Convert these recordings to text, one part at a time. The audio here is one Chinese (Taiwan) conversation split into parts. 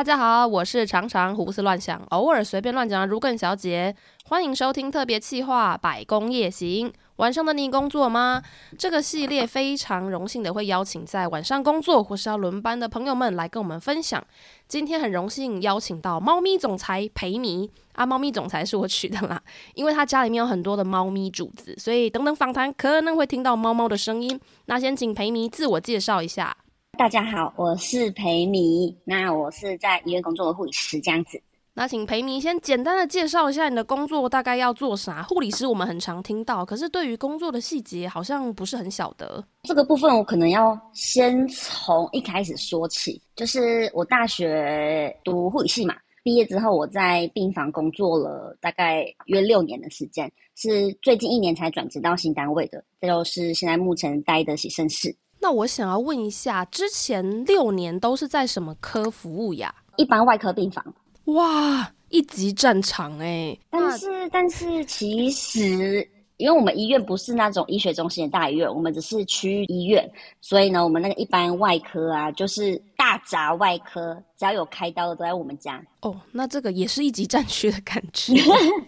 大家好，我是常常胡思亂想、偶爾隨便亂講的如更小姐，歡迎收聽特別企劃《百工夜行》。晚上的你工作嗎？這個系列非常榮幸的會邀請在晚上工作或是要輪班的朋友們來跟我們分享。今天很榮幸邀請到貓咪總裁裴米啊，貓咪總裁是我取的啦，因為他家裡面有很多的貓咪主子，所以等等訪談可能會聽到貓貓的聲音。那先請裴米自我介紹一下。大家好，我是裴米，那我是在醫院工作的護理師，這樣子。那請裴米先簡單的介紹一下你的工作，大概要做啥？護理師我們很常聽到，可是對於工作的細節好像不是很曉得。這個部分我可能要先從一開始說起，就是我大學讀護理系嘛，畢業之後我在病房工作了大概約六年的時間，是最近一年才轉職到新單位的，這就是現在目前待的洗腎室。那我想要問一下，之前六年都是在什麼科服務呀？一般外科病房。哇，一級戰場哎、欸！但是，但是其實。因為我們醫院不是那種醫學中心的大醫院，我們只是區域醫院，所以呢，我們那個一般外科啊，就是大雜外科，只要有開刀的都在我們家。哦，那這個也是一級戰區的感覺。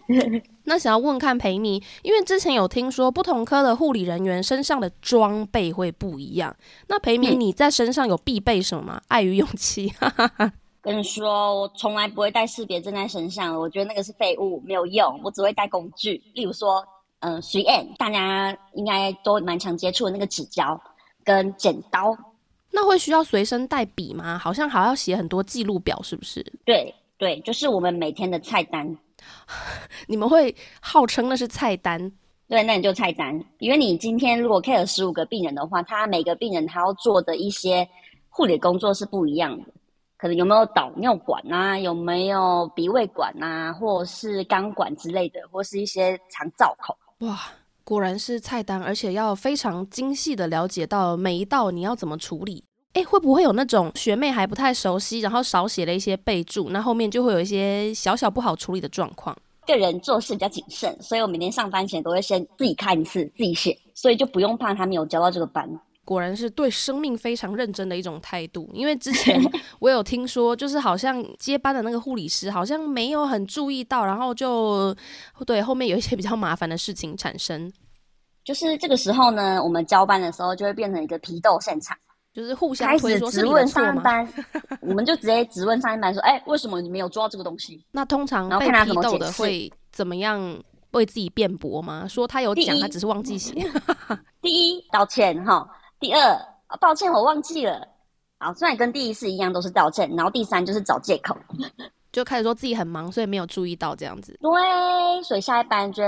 那想要問看裴米，因為之前有聽說不同科的護理人員身上的裝備會不一樣，那裴米、嗯、你在身上有必備什麼嗎？愛與勇氣。 跟你說，我從來不會帶識別證在身上，我覺得那個是廢物，沒有用。我只會帶工具，例如說。嗯、呃，3M，大家應該都蠻常接觸的那個紙膠跟剪刀。那會需要隨身帶筆嗎？好像還要寫很多記錄表，是不是？對，對，就是我們每天的菜單。 你們會號稱那是菜單？對，那你就菜單，因為你今天如果 care 十五個病人的話，他每個病人他要做的一些護理工作是不一樣的。可能有沒有導尿管啊？有沒有鼻胃管啊？或是肛管之類的，或是一些腸造口？哇，果然是菜單，而且要非常精細的了解到每一道你要怎麼處理。誒，會不會有那種學妹還不太熟悉，然後少寫了一些備註，那後面就會有一些小小不好處理的狀況？個人做事比較謹慎，所以我每天上班前都會先自己看一次，自己寫，所以就不用怕他沒有交到這個班。果然是對生命非常認真的一種態度，因為之前我有聽說，就是好像接班的那個護理師好像沒有很注意到，然後就對後面有一些比較麻煩的事情產生。就是這個時候呢，我們交班的時候就會變成一個批鬥現場，就是互相推質問上一班，我們就直接質問上一班說：“哎、 欸，為什麼你沒有做到這個東西？”那通常被批鬥的會怎麼樣？為自己辯駁嗎？說他有講，他只是忘記寫。 第一，道歉哈。第二，抱歉，我忘記了。好，雖然跟第一次一樣都是道歉，然後第三就是找借口， 就開始說自己很忙，所以沒有注意到這樣子。對，所以下一班就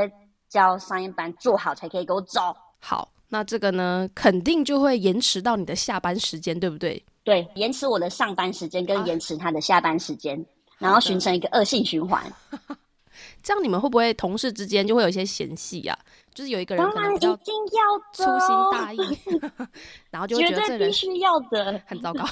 要上一班做好才可以給我走。好，那這個呢，肯定就會延遲到你的下班時間，對不對？對，延遲我的上班時間，跟延遲他的下班時間，啊，然後形成一個惡性循環。 這樣你們會不會同事之間就會有一些嫌隙啊？就是有一個人可能比較粗心大意，然、哦、 然後就會覺得必須要的，很糟糕。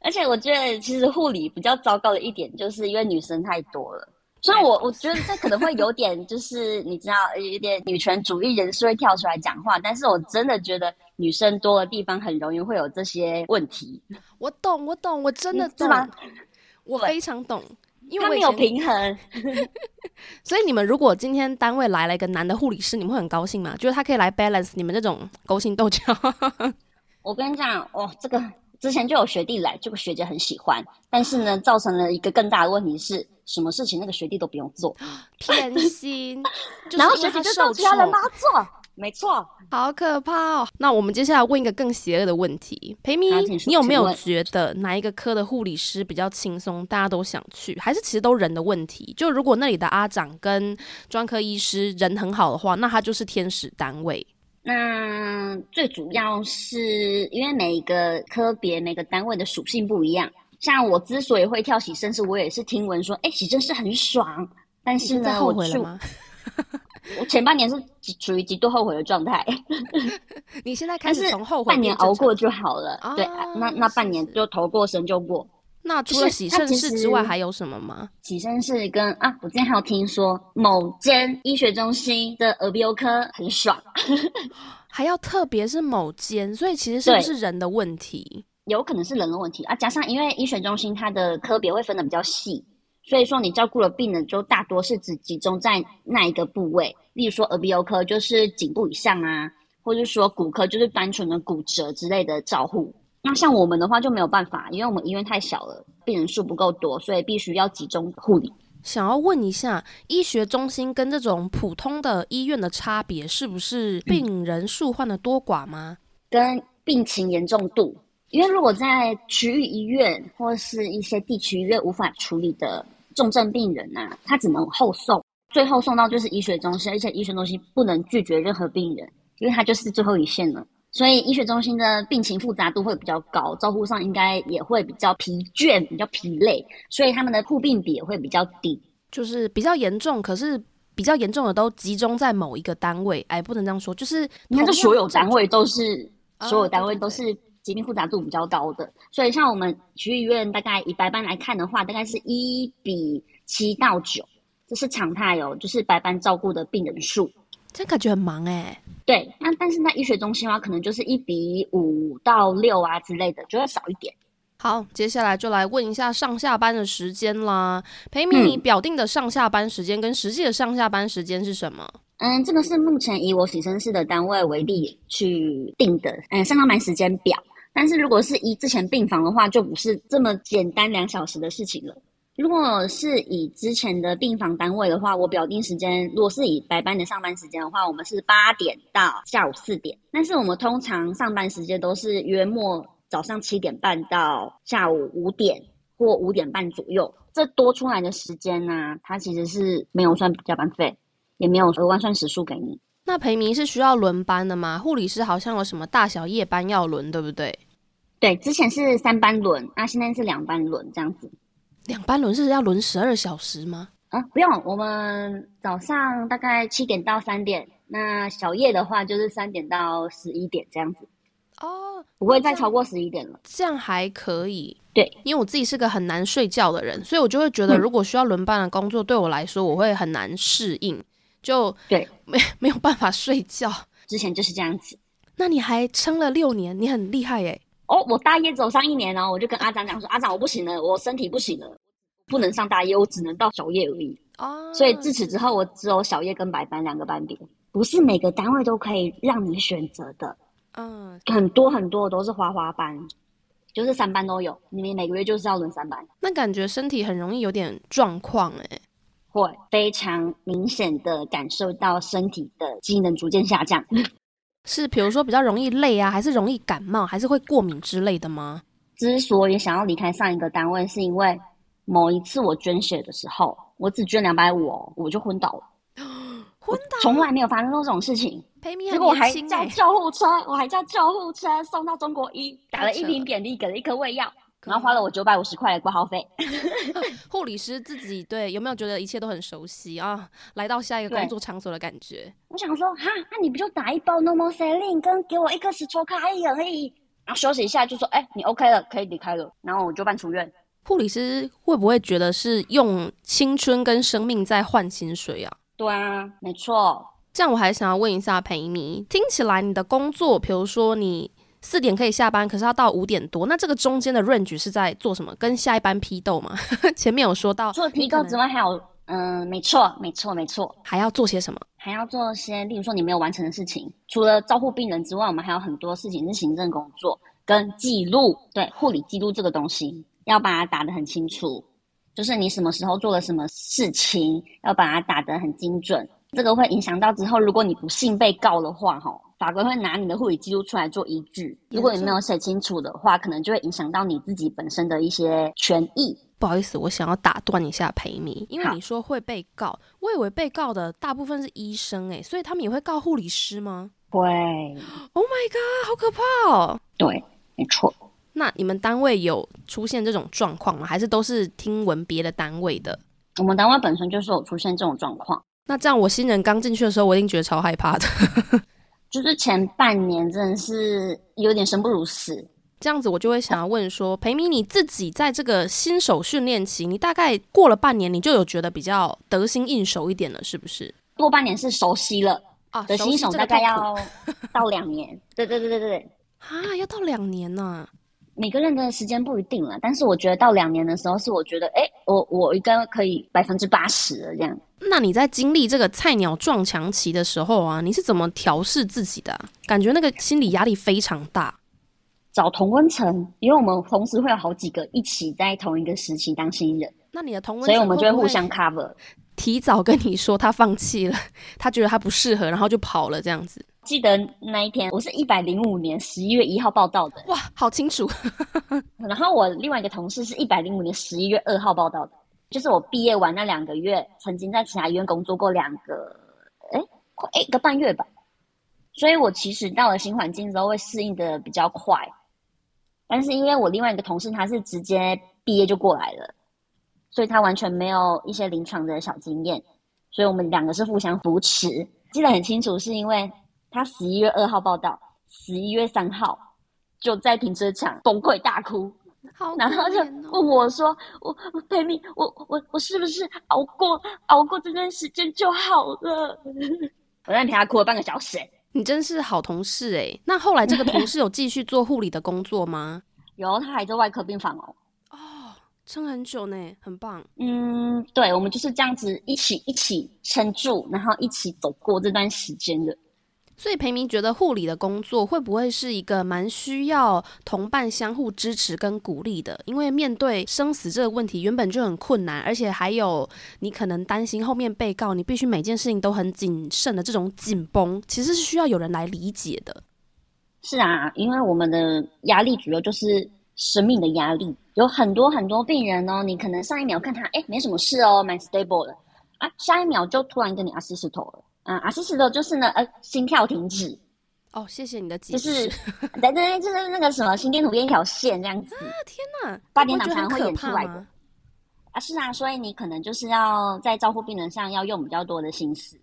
而且我覺得其實護理比較糟糕的一點，就是因為女生太多了。所 以，我我覺得這可能會有點，就是你知道，有點女權主義人士會跳出來講話。但是我真的覺得女生多的地方很容易會有這些問題。我懂，我懂，我真的懂，嗎我非常懂。因為他沒有平衡， 所以你們如果今天單位來了一個男的護理師，你們會很高興嗎？就是他可以來 balance 你們這種勾心鬥角 。我跟你講哦，這個之前就有學弟來，這個學姐很喜歡，但是呢，造成了一個更大的問題是什麼事情那個學弟都不用做，偏心， 然後學姐就到家來拉壯。沒錯，好可怕哦！那我們接下來問一個更邪惡的問題，裴咪，你有沒有覺得哪一個科的護理師比較輕鬆？大家都想去，還是其實都人的問題？就如果那裡的阿長跟專科醫師人很好的話，那他就是天使單位。那最主要是因為每一個科別、每個單位的屬性不一樣。像我之所以會跳洗腎室，我也是聽聞說，哎、欸，洗腎室很爽，但是呢，我就。 我前半年是處於極度後悔的狀態， 你現在開始從後悔半年熬過就好了。啊、對，那那半年就頭過身就過。那除了洗腎室之外還有什麼嗎？洗腎室跟啊，我今天還有聽說某間醫學中心的耳鼻喉科很爽， 還要特別是某間，所以其實是不是人的問題？有可能是人的問題啊，加上因為醫學中心它的科別會分的比較細，所以說，你照顧的病人就大多是只集中在那一個部位，例如說耳鼻喉科就是頸部以上啊，或者是說骨科就是單純的骨折之類的照護。那像我們的話就沒有辦法，因為我們醫院太小了，病人數不夠多，所以必須要集中護理。想要問一下，醫學中心跟這種普通的醫院的差別，是不是病人數患的多寡嗎、嗯？跟病情嚴重度，因為如果在區域醫院或是一些地區醫院無法處理的。重症病人吶、啊，他只能後送，最後送到就是醫學中心，而且醫學中心不能拒絕任何病人，因為他就是最後一線了。所以醫學中心的病情複雜度會比較高，照顧上應該也會比較疲倦，比較疲累，所以他們的護病比也會比較低，就是比較嚴重，可是比較嚴重的都集中在某一個單位。哎，不能這樣說，就是你看，這所有單位都是，所有單位都是。哦對對對疾病複雜度比較高的，所以像我們區域醫院大概以白班來看的話，大概是一比七到九，這是常態哦，就是白班照顧的病人數。這感覺很忙哎、欸。對，那但是在醫學中心的話，可能就是一比五到六啊之類的，就要少一點。好，接下來就來問一下上下班的時間啦。裴米，你表定的上下班時間跟實際的上下班時間是什麼嗯？嗯，這個是目前以我洗腎室的單位為例去定的，嗯，上下班時間表。但是如果是以之前病房的話，就不是這麼簡單兩小時的事情了。如果是以之前的病房單位的話，我表定時間，如果是以白班的上班時間的話，我們是八點到下午四點。但是我們通常上班時間都是約莫早上七點半到下午五點或五點半左右。這多出來的時間呢、啊，它其實是沒有算加班費，也沒有額外算時數給你。那陪民是需要輪班的嗎？護理師好像有什麼大小夜班要輪，對不對？對，之前是三班輪，那、啊、現在是兩班輪這樣子。兩班輪是要輪十二小時嗎？啊，不用，我們早上大概七點到三點，那小夜的話就是三點到十一點這樣子。哦，不會再超過十一點了，這樣還可以。對，因為我自己是個很難睡覺的人，所以我就會覺得如果需要輪班的工作、嗯，對我來說我會很難適應。就對，沒沒有辦法睡覺，之前就是這樣子。那你還撐了六年，你很厲害哎、欸。哦，我大夜走上一年呢，我就跟阿長講說，嗯、阿長，我不行了，我身體不行了，不能上大夜，我只能到小夜而已。哦，所以自此之後，我只有小夜跟白班兩個班別。不是每個單位都可以讓你選擇的，嗯，很多很多都是花花班，就是三班都有，你們每個月就是要輪三班。那感覺身體很容易有點狀況哎、欸。會非常明顯的感受到身體的機能逐漸下降，是比如說比較容易累啊，還是容易感冒，還是會過敏之類的嗎？之所以想要離開上一個單位，是因為某一次我捐血的時候，我只捐兩百五，我就昏倒了，昏倒，從來沒有發生過這種事情。陪、欸、結果我還叫救護車，我還叫救護車送到中國醫，打了一瓶點滴，給了一顆胃藥。然後花了我九百五十塊的掛號費。護 理師自己對有沒有覺得一切都很熟悉啊？來到下一個工作場所的感覺，嗯、我想說哈？那你不就打一包 normal saline，跟給我一個石戳開而已。然後休息一下就說哎、欸，你 OK 了，可以離開了。然後我就辦出院。護理師會不會覺得是用青春跟生命在換薪水啊？對啊，沒錯。這樣我還想要問一下佩妮，聽起來你的工作，比如說你。四點可以下班，可是要到五點多。那這個中間的 range 是在做什麼？跟下一班批鬥嗎？ 前面有說到。除了批鬥之外，嗯、還有嗯、呃，沒錯，沒錯，沒錯。還要做些什麼？還要做些，例如說你沒有完成的事情。除了照顧病人之外，我們還有很多事情是行政工作跟記錄。對，護理記錄這個東西，要把它打得很清楚。就是你什麼時候做了什麼事情，要把它打得很精準。這個會影響到之後，如果你不幸被告的話，哈。法官會拿你的護理記錄出來做依據，如果你沒有寫清楚的話，可能就會影響到你自己本身的一些權益。不好意思，我想要打斷一下裴米，因為你說會被告，我以為被告的大部分是醫生哎，所以他們也會告護理師嗎？會。Oh my god，好可怕哦！對，沒錯。那你們單位有出現這種狀況嗎？還是都是聽聞別的單位的？我們單位本身就是有出現這種狀況。那這樣我新人剛進去的時候，我一定覺得超害怕的。 就是前半年真的是有點生不如死，這樣子我就會想要問說，培米你自己在這個新手訓練期，你大概過了半年，你就有覺得比較得心應手一點了，是不是？過半年是熟悉了啊，新手大概要到兩年， 對，對，對對對對對，啊，要到兩年呢，啊。每個人的時間不一定了，但是我覺得到兩年的時候是我覺得，哎、欸，我我應該可以百分之八十這樣。那你在經歷這個菜鳥撞牆期的時候啊，你是怎麼調適自己的、啊？感覺那個心理壓力非常大。找同溫層，因為我們同時會有好幾個一起在同一個時期當新人。那你的同溫層，所以我們就會互相 cover。提早跟你說他放棄了， 他覺得他不適合，然後就跑了這樣子。記得那一天，我是一百零五年十一月一號報到的，哇，好清楚。 然後我另外一個同事是一百零五年十一月二號報到的，就是我畢業完那兩個月，曾經在其他醫院工作過兩個，哎，快，一個半月吧。所以我其實到了新環境之後會適應的比較快，但是因為我另外一個同事他是直接畢業就過來了，所以他完全沒有一些臨床的小經驗，所以我們兩個是互相扶持，記得很清楚，是因為。他十一月二號報到，十一月三號就在停車場崩潰大哭，好、喔，然後就問我說：“我，裴蜜，我我我是不是熬過熬過這段時間就好了？”我在陪他哭了半個小時、欸，你真是好同事誒、欸。那後來這個同事有繼續做護理的工作嗎？ 有，他還在外科病房哦、喔。哦，撐很久呢，很棒。嗯，對，我們就是這樣子一起一起撐住，然後一起走過這段時間的。所以裴明覺得護理的工作會不會是一個蠻需要同伴相互支持跟鼓勵的？因為面對生死這個問題原本就很困難，而且還有你可能擔心後面被告，你必須每件事情都很謹慎的這種緊繃，其實是需要有人來理解的。是啊，因為我們的壓力主要就是生命的壓力，有很多很多病人哦，你可能上一秒看他哎沒什麼事哦，蠻 stable 的啊，下一秒就突然跟你 asystole 了。嗯，阿、啊、是、是的，就是呢，呃，心跳停止。哦，謝謝你的解釋。就是， 對對對，就是那個什麼，心電圖變一條線這樣子。啊天哪！八點檔常常會演出來的會會。啊是啊，所以你可能就是要在照顧病人上要用比較多的心思，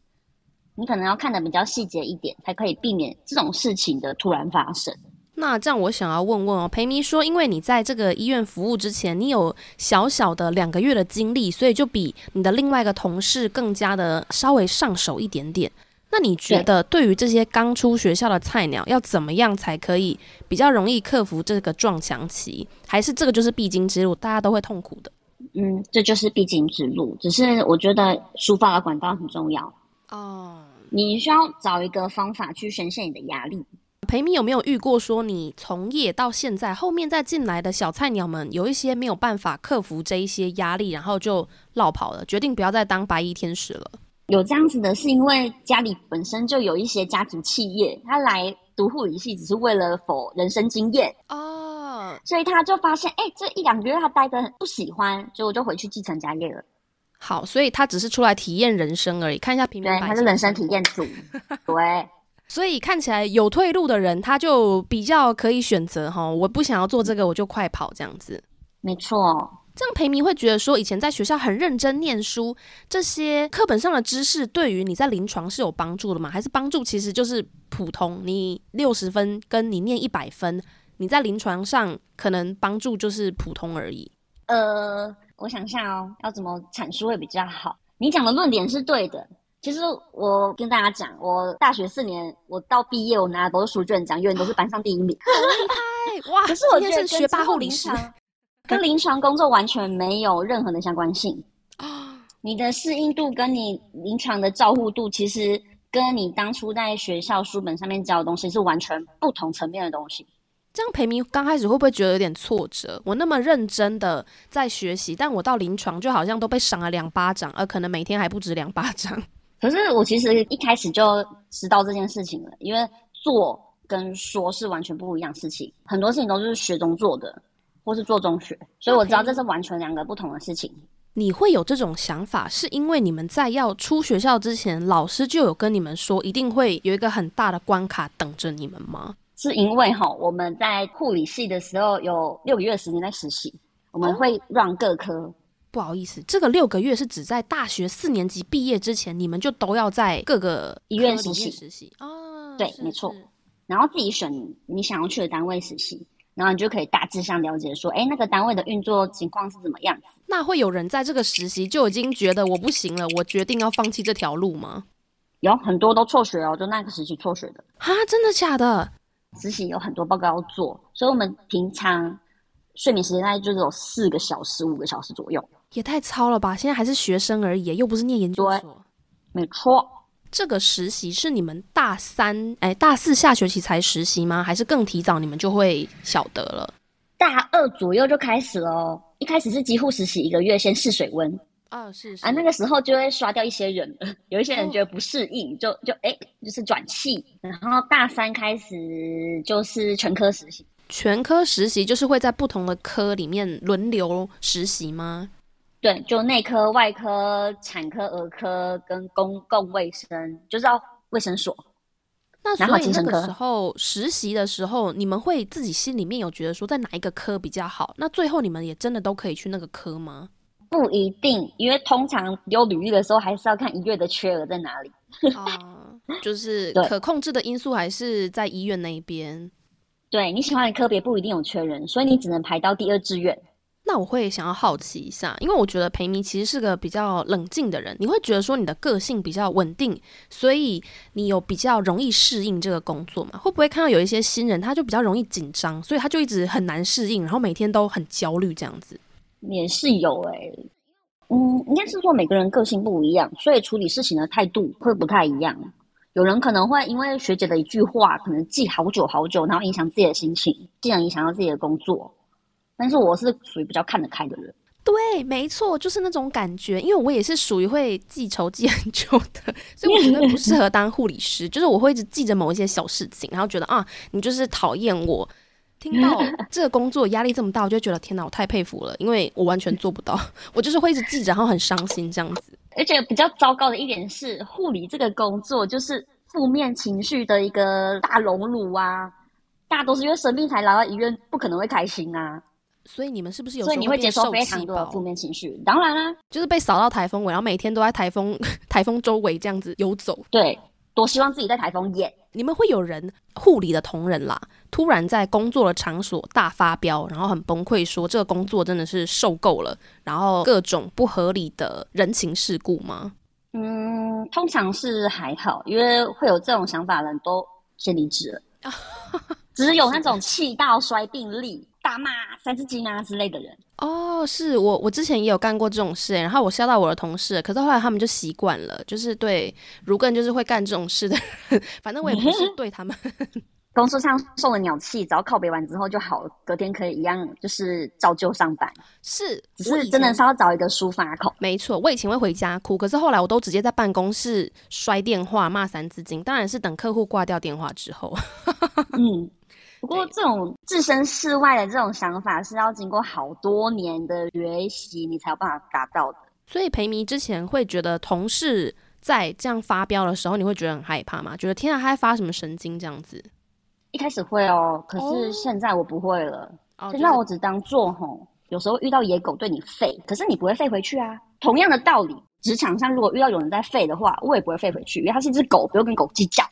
你可能要看的比較細節一點，才可以避免這種事情的突然發生。那這樣，我想要問問哦、喔，培咪說，因為你在這個醫院服務之前，你有小小的兩個月的經歷，所以就比你的另外一個同事更加的稍微上手一點點。那你覺得，對於這些剛出學校的菜鳥，要怎麼樣才可以比較容易克服這個撞牆期？還是這個就是必經之路，大家都會痛苦的？嗯，這就是必經之路。只是我覺得抒發的管道很重要哦、嗯，你需要找一個方法去宣洩你的壓力。裴米有沒有遇過說你從業到現在，後面再進來的小菜鳥們，有一些沒有辦法克服這一些壓力，然後就落跑了，決定不要再當白衣天使了？有這樣子的，是因為家裡本身就有一些家族企業，他來讀護理系只是為了否人生經驗哦，oh. 所以他就發現，哎、欸，這一兩個月他待得很不喜歡，所以我就回去繼承家業了。好，所以他只是出來體驗人生而已，看一下平民，對，是人生體驗組，對。 所以看起來有退路的人，他就比較可以選擇哈，我不想要做這個，我就快跑這樣子。沒錯。這樣陪迷，會覺得說，以前在學校很認真念書，這些課本上的知識對於你在臨床是有幫助的嗎？還是幫助其實就是普通？你六十分跟你念一百分，你在臨床上可能幫助就是普通而已。呃，我想下哦，要怎麼闡述會比較好？你講的論點是對的。其實我跟大家講，我大學四年，我到畢業，我拿的都是書卷獎，永遠都是班上第一名，厲害哇！可是我覺得學霸後臨床 跟臨床工作完全沒有任何的相關性啊！ 你的適應度跟你臨床的照護度，其實跟你當初在學校書本上面教的東西是完全不同層面的東西。這樣培明剛開始會不會覺得有點挫折？我那麼認真的在學習，但我到臨床就好像都被賞了兩巴掌，而可能每天還不止兩巴掌。可是我其實一開始就知道這件事情了，因為做跟說是完全不一樣的事情，很多事情都是學中做的，或是做中學，所以我知道這是完全兩個不同的事情。Okay. 你會有這種想法，是因為你們在要出學校之前，老師就有跟你們說，一定會有一個很大的關卡等着你們嗎？是因為哈、哦，我們在護理系的時候有六個月的時間在實習，我們會 run 各科。Oh. 不好意思，這個六個月是指在大學四年級畢業之前，你們就都要在各個醫院實習，實習哦？對是是，沒錯。然後自己選你想要去的單位實習，然後你就可以大致上了解說，哎，那個單位的運作情況是怎麼樣子。那會有人在這個實習就已經覺得我不行了，我決定要放棄這條路嗎？有很多都輟學哦，就那個實習輟學的。哈，真的假的？實習有很多報告要做，所以我們平常睡眠時間大概就是有四個小時、五個小時左右。也太糙了吧！現在還是學生而已，又不是念研究所。對，沒錯。這個實習是你們大三，哎，大四下學期才實習嗎？還是更提早你們就會曉得了？大二左右就開始嘍。一開始是基護實習一個月，先試水溫。啊，是是。啊，那個時候就會刷掉一些人，有一些人覺得不適應，就就哎，就是轉系。然後大三開始就是全科實習。全科實習就是會在不同的科裡面輪流實習嗎？對，就內科、外科、產科、兒科跟公共衛生，就是要衛生所。那所以那個時候實習的時候，你們會自己心裡面有覺得說在哪一個科比較好？那最後你們也真的都可以去那個科嗎？不一定，因為通常有履歷的時候，還是要看醫院的缺額在哪裡。哦 、啊，就是可控制的因素還是在醫院那邊，對。對，你喜歡的科別不一定有缺人，所以你只能排到第二志願。那我會想要好奇一下，因為我覺得培米其實是個比較冷靜的人，你會覺得說你的個性比較穩定，所以你有比較容易適應這個工作嗎？會不會看到有一些新人，他就比較容易緊張，所以他就一直很難適應，然後每天都很焦慮這樣子？也是有誒、欸。嗯，應該是說每個人個性不,不一樣，所以處理事情的態度會不太一樣。有人可能會因為學姐的一句話，可能記好久好久，然後影響自己的心情，竟然影響到自己的工作。但是我是屬於比較看得開的人，對，沒錯，就是那種感覺。因為我也是屬於會記仇記很久的，所以我覺得不適合當護理師。 就是我會一直記着某一些小事情，然後覺得啊，你就是討厭我。聽到這個工作壓力這麼大，我就覺得天哪，我太佩服了，因為我完全做不到。我就是會一直記着，然後很傷心這樣子。而且比較糟糕的一點是，護理這個工作就是負面情緒的一個大熔爐啊！大家都是因為生病才來到醫院，不可能會開心啊！所以你們是不是有時候會受氣包？所以你會接受非常多的負面情緒。當然啦、啊，就是被掃到台風尾，然後每天都在台風、台風周圍這樣子游走。對，多希望自己在台風眼。你們會有人護理的同仁啦，突然在工作的場所大發飆，然後很崩潰說，說這個工作真的是受夠了，然後各種不合理的人情世故嗎？嗯，通常是還好，因為會有這種想法的人都先離職了。 只有那種氣到衰病例。大罵三字經啊之類的人哦，是我我之前也有幹過這種事、欸，然後我笑到我的同事，可是後來他們就習慣了，就是對，如果就是會幹這種事的呵呵，反正我也不是對他們。 公司上送了鳥氣，只要靠北完之後就好，隔天可以一樣，就是照舊上班。是，只是真的是要找一個抒發口。沒錯，我以前會回家哭，可是後來我都直接在辦公室摔電話罵三字經，當然是等客戶掛掉電話之後。 嗯。不過，這種置身事外的這種想法，是要經過好多年的學習，你才有辦法達到的。所以，培迷之前會覺得同事在這樣發飆的時候，你會覺得很害怕嗎？覺得天啊，他在發什麼神經這樣子？一開始會哦、喔，可是現在我不會了。現、哦、在、就是、我只當做吼，有時候遇到野狗對你吠，可是你不會吠回去啊。同樣的道理，職場上如果遇到有人在吠的話，我也不會吠回去，因為它是一隻狗，不用跟狗計較。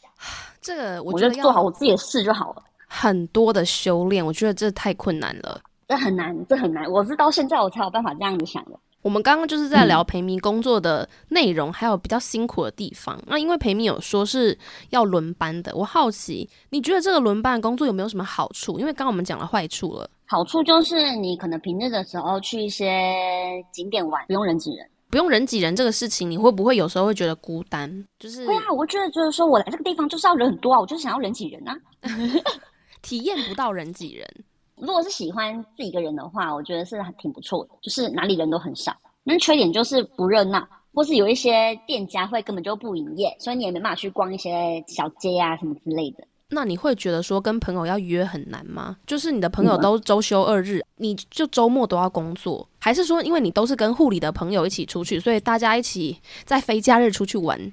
這個，我覺得我做好我自己的事就好了。很多的修煉，我覺得這太困難了。這很難，這很難。我是到現在我才有辦法這樣子想的。我們剛剛就是在聊陪米工作的內容、嗯，還有比較辛苦的地方。那、啊、因為陪米有說是要輪班的，我好奇，你覺得這個輪班工作有沒有什麼好處？因為剛，剛我們講了壞處了。好處就是你可能平日的時候去一些景點玩，不用人擠人，不用人擠人這個事情，你會不會有時候會覺得孤單？就是對啊，我覺得就是說我來這個地方就是要人很多啊，我就是想要人擠人啊。 體驗不到人擠人。如果是喜歡自己一個人的話，我覺得是挺不錯的，就是哪裡人都很少。那缺點就是不熱鬧，或是有一些店家會根本就不營業，所以你也沒辦法去逛一些小街啊什麼之類的。那你會覺得說跟朋友要約很難嗎？就是你的朋友都周休二日，你就周末都要工作，還是說因為你都是跟護理的朋友一起出去，所以大家一起在非假日出去玩？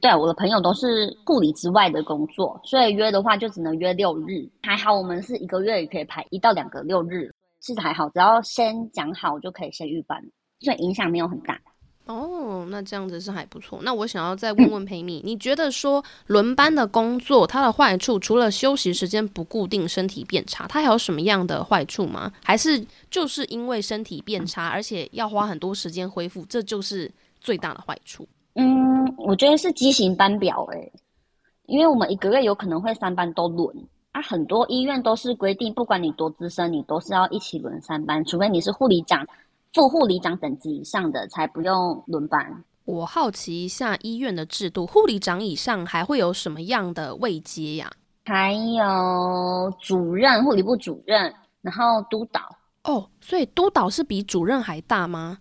對啊，我的朋友都是護理之外的工作，所以約的話就只能約六日。還好我們是一個月也可以排一到兩個六日，其實還好。只要先講好就可以先預班，所以影響沒有很大。哦，那這樣子是還不錯。那我想要再問問佩米， 你覺得說輪班的工作它的壞處，除了休息時間不固定、身體變差，它還有什麼樣的壞處嗎？還是就是因為身體變差，而且要花很多時間恢復，這就是最大的壞處？嗯，我覺得是畸形班表哎、欸，因為我們一個月有可能會三班都輪啊。很多醫院都是規定，不管你多資深，你都是要一起輪三班，除非你是護理長、副護理長等級以上的才不用輪班。我好奇一下醫院的制度，護理長以上還會有什麼樣的位階呀、啊？還有主任、護理部主任，然後督導。哦、oh,，所以督導是比主任還大嗎？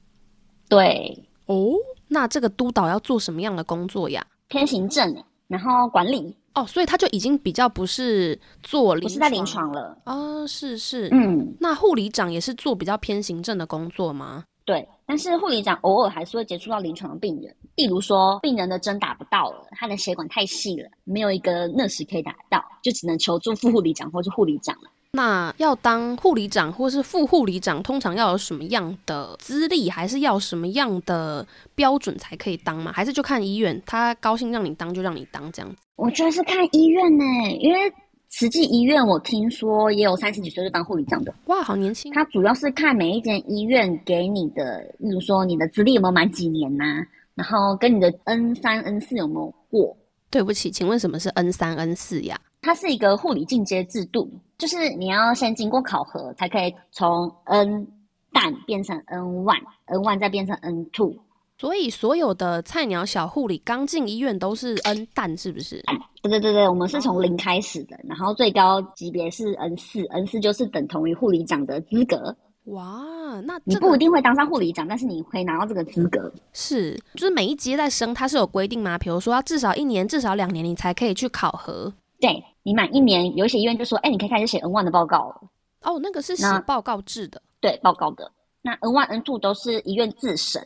對。哦、嗯。那這個督導要做什麼樣的工作呀？偏行政，然後管理。哦，所以他就已經比較不是做臨床，不是在臨床了啊、哦？是是，嗯，那護理長也是做比較偏行政的工作嗎？對，但是護理長偶爾還是會接觸到臨床的病人，例如說病人的針打不到了，他的血管太細了，沒有一個 nurse 可以打得到，就只能求助副護理長或是護理長了。那要當護理長或是副護理長，通常要有什麼樣的資歷，還是要什麼樣的標準才可以當嗎？還是就看醫院，他高興讓你當就讓你當這樣子？我覺得是看醫院呢，因為慈濟醫院我聽說也有三十幾歲就當護理長的。哇，好年輕！他主要是看每一間醫院給你的，例如說你的資歷有沒有滿幾年吶、啊，然後跟你的 N 三 N 四有沒有過。對不起，請問什麼是 N 三 N 四呀？它是一個護理進階制度。就是你要先經過考核，才可以從 N 蛋變成 N 1，N 1再變成 N 2。所以所有的菜鳥小護理剛進醫院都是 N 蛋，是不是？對、哎、對對對，我們是從零開始的，然後最高級別是 N 四，N 四就是等同於護理長的資格。哇，那、這個、你不一定會當上護理長，但是你會拿到這個資格。是。就是每一階段升，它是有規定嗎？比如說要至少一年，至少兩年你才可以去考核。對。你滿一年，有一些醫院就說：“哎、欸，你可以開始寫 N one 的報告了。”哦，那個是寫報告制的，對，報告的。那 N one、N two 都是醫院自審，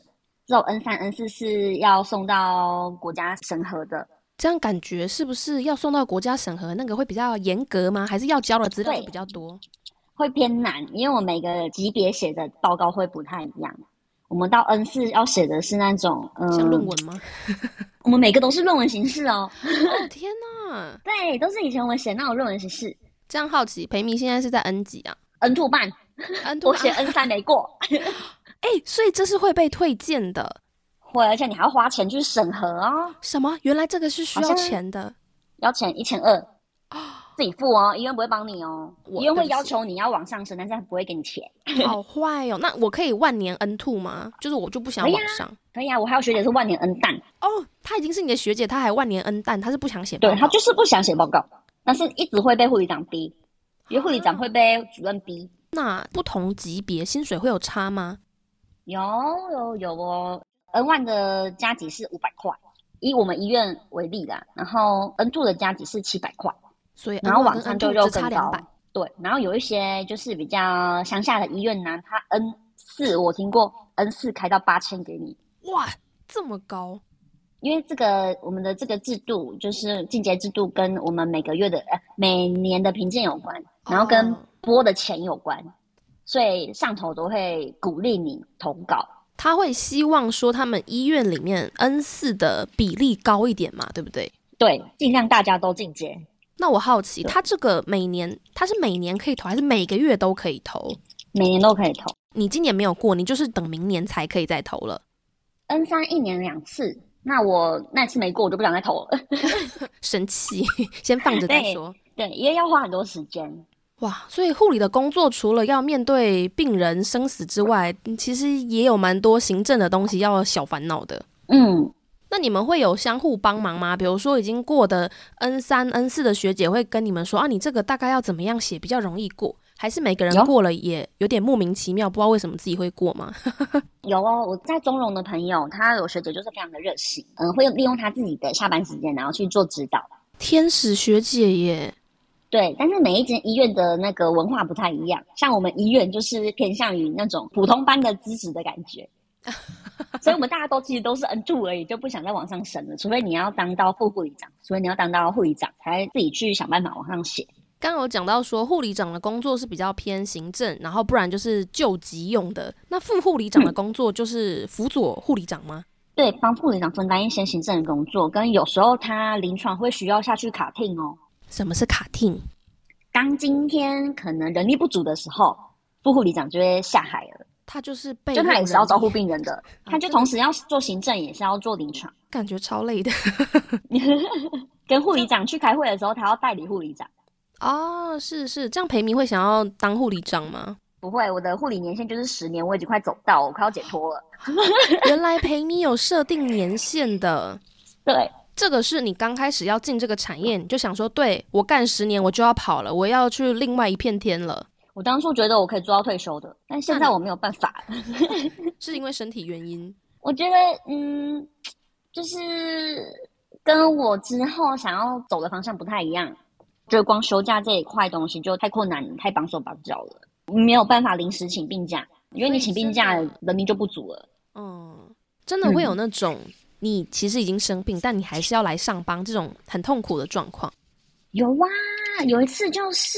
只有 N 三、N 四是要送到國家審核的。這樣感覺是不是要送到國家審核，那個會比較嚴格嗎？還是要交的資料比較多？會偏難，因為我每個級別寫的報告會不太一樣。我們到 N 四要寫的是那種，嗯，像論文嗎？ 我們每個都是論文形式哦， 哦。天哪，對，都是以前我們寫那種論文形式。這樣好奇，裴明現在是在 N 幾啊？N 2半， 半啊，我寫 N 三沒過。哎、 欸，所以這是會被退件的，會，而且你還要花錢去審核哦。什麼？原來這個是需要錢的，要錢一千二。自己付哦，醫院不會幫你哦。醫院會要求你要往上升，但是不會給你錢。 好壞哦，那我可以萬年 N two 嗎？就是我就不想往上可、啊。可以啊，我還有學姐是萬年 N 蛋哦。她已經是你的學姐，她還萬年 N 蛋，她是不想寫報告。對，她就是不想寫報告，但是一直會被護理長逼，因為護理長會被主任逼、啊。那不同級別薪水會有差嗎？有有有哦，N one 的加級是五百塊，以我們醫院為例啦。然後 N two 的加級是七百塊。所以，然後往上就就更高。對，然後有一些就是比較鄉下的醫院呢，它 N 四我聽過，N 四開到八千給你，哇，這麼高！因為這個我們的這個制度就是進階制度跟我們每個月的呃每年的評鑑有關，然後跟撥的錢有關、哦，所以上頭都會鼓勵你投稿。他會希望說他們醫院裡面 N 四的比例高一點嘛，對不對？對，盡量大家都進階。那我好奇，他這個每年他是每年可以投，還是每個月都可以投？每年都可以投。你今年沒有過，你就是等明年才可以再投了。N3 一年兩次，那我那次沒過，我就不想再投了， 神奇，先放着再說 對。對，因為要花很多時間。哇，所以護理的工作除了要面對病人生死之外，其實也有蠻多行政的東西要小煩惱的。嗯。那你們會有相互幫忙嗎？比如說已經過的 N 三、N 四的學姐會跟你們說啊，你這個大概要怎麼樣寫比較容易過？還是每個人過了也有點莫名其妙，不知道為什麼自己會過嗎？ 有哦，我在中榮的朋友，他有學姐就是非常的熱心，嗯、呃，會利用他自己的下班時間，然後去做指導。天使學姐耶，對，但是每一間醫院的那個文化不太一樣，像我們醫院就是偏向於那種普通班的知識的感覺。 所以我們大家都其實都是 N2 而已，就不想再往上升了。除非你要當到副護理長，除非你要當到護理長，才自己去想辦法往上升。剛剛我講到說，護理長的工作是比較偏行政，然後不然就是救急用的。那副護理長的工作就是輔佐護理長嗎？嗯、對，幫護理長分擔一些行政的工作，跟有時候他臨床會需要下去卡聽哦。什麼是卡聽？當今天可能人力不足的時候，副護理長就會下海了。他就是，被，就他也是要招呼病人的，啊，他就同時要做行政，也是要做臨床，感覺超累的 跟護理長去開會的時候，他要代理護理長。哦，是是，這樣培米會想要當護理長嗎？不會，我的護理年限就是十年，我已經快走到，我快要解脫了。 原來培米有設定年限的。 對，這個是你剛開始要進這個產業，啊、你就想說，對，我幹十年我就要跑了，我要去另外一片天了。我當初覺得我可以做到退休的，但現在我沒有辦法了， 是因為身體原因。 我覺得，嗯，就是跟我之後想要走的方向不太一樣，就光休假這一塊東西就太困難、太綁手綁腳了，沒有辦法臨時請病假，因為你請病假人力就不足了。嗯，真的會有那種、嗯、你其實已經生病，但你還是要來上班這種很痛苦的狀況。有哇、啊，有一次就是